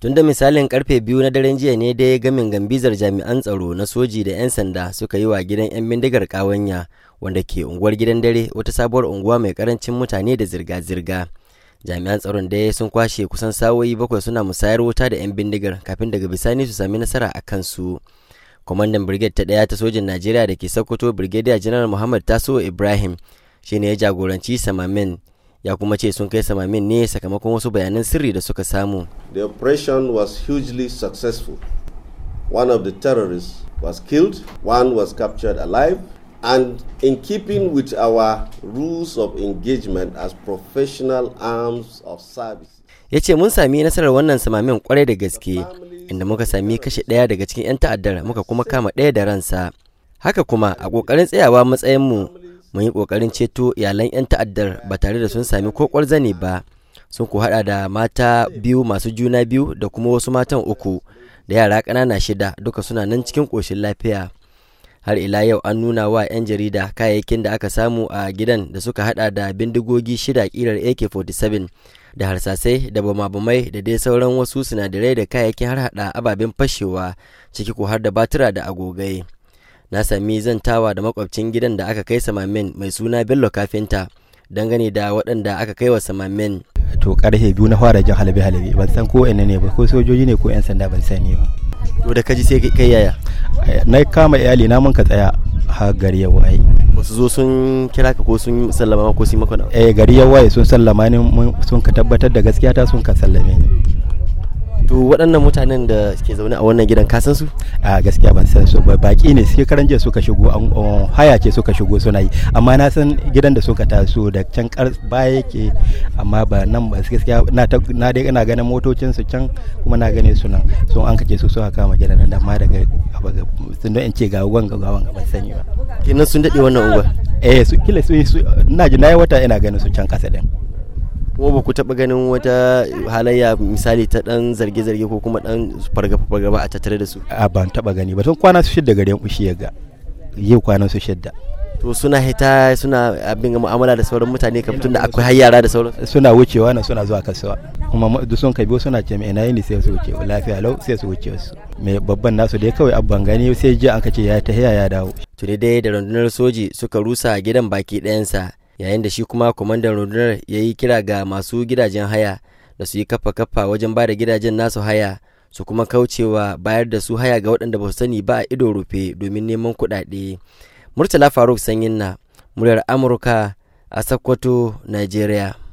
tunda misalin karfe biyu na daren jiya ne dai gamin gambizar jami'an tsaro na soji da 'yan sanda suka yi wa gidan 'yan bindigar kawanya wanda ke unguwar gidan dare wata sabuwar unguwa mai karancin mutane da zirga-zirga jami'an tsaron ya sun kwashe kusan sawoyi bakwai suna musayar wuta da 'yan bindigar kafin daga bisani su sami nasara a kansu kwamandan brigade ta ɗaya ta sojin najeriya da ke sokoto brigadier general muhammad taso ibrahim shine ya jagoranci samamin ya kuma ce sun kai samamin ne sakamakon wasu bayanan sirri da suka samu the operation was hugely successful one of the terrorists was killed one was captured alive and in keeping with our rules of engagement as professional arms of service ya ce mun sami nasarar wannan samamin kwarai da gaske inda muka sami kashe ɗaya daga cikin 'yan ta'addar muka kuma kama ɗaya da ransa haka kuma a ƙoƙarin tsayawa matsayinmu mun yi kokarin ceto iyalan 'yan ta'addar ba tare da sun sami ko zane ba sun ku hada da mata biyu masu juna biyu da kuma wasu matan uku da yara ƙanana shida duka suna nan cikin ƙoshin lafiya har ila yau an nuna wa 'yan jarida kayayyakin da aka samu a gidan da suka hada da bindigogi shida kirar ak-47 da harsasai da bama da dai sauran wasu sinadarai da kayayyakin har hada ababen fashewa ciki ko har da batura da agogai. na sami zantawa da makwabcin gidan da aka kai samamen mai suna bello kafinta dangane da waɗanda aka kai wa samamen to karfe biyu na fara jin halabe halabe ban san ko ina ne ba ko sojoji ne ko yan sanda ban sani ba to da kaji sai kai yaya na kama iyali na mun ka tsaya ha gari ya wasu ba zo sun kira ka ko sun sallama ko sun maka eh gari ya sun sallama ne sun ka tabbatar da gaskiya ta sun ka sallame ni to waɗannan mutanen da suke zaune a wannan gidan kasan su a gaskiya ban san su ba baki ne suke karanje jiya suka shigo an haya ce suka shigo suna yi amma na san gidan da suka taso da can kar baya yake amma ba nan ba gaskiya na na dai ina ganin motocin su can kuma na gane su nan sun an kace su suka kama gidan nan amma daga sun don in ce ga wanga ga wanga ban sani ba kenan sun dade wannan unguwa eh su kila su na ji na yi wata ina ganin su can kasa din kuma ba ku taɓa ganin wata halayya misali ta ɗan zarge-zarge ko kuma ɗan fargaba-fargaba a tattare da su a ban taɓa gani ba tun kwana su shidda garin shi ya ga yau kwana su shidda to suna hita suna abin mu'amala da sauran mutane kafin tun da akwai hayyara da sauran suna wucewa na suna zuwa kasuwa kuma duk sun kabi suna ce ina yini sai su wuce lafiya lau sai su wuce su mai babban nasu dai kawai abban gani sai ji an ce ya ta ya dawo tuni dai da rundunar soji suka rusa gidan baki ɗayansa yayin da shi kuma kwamandan rundunar ya yi kira ga masu gidajen haya da su yi kafa kafa wajen ba da gidajen nasu haya su kuma kaucewa bayar da su haya ga waɗanda ba su sani ba a ido rufe domin neman kuɗaɗe murtala faruk sanyin na muryar amurka a sokoto nigeria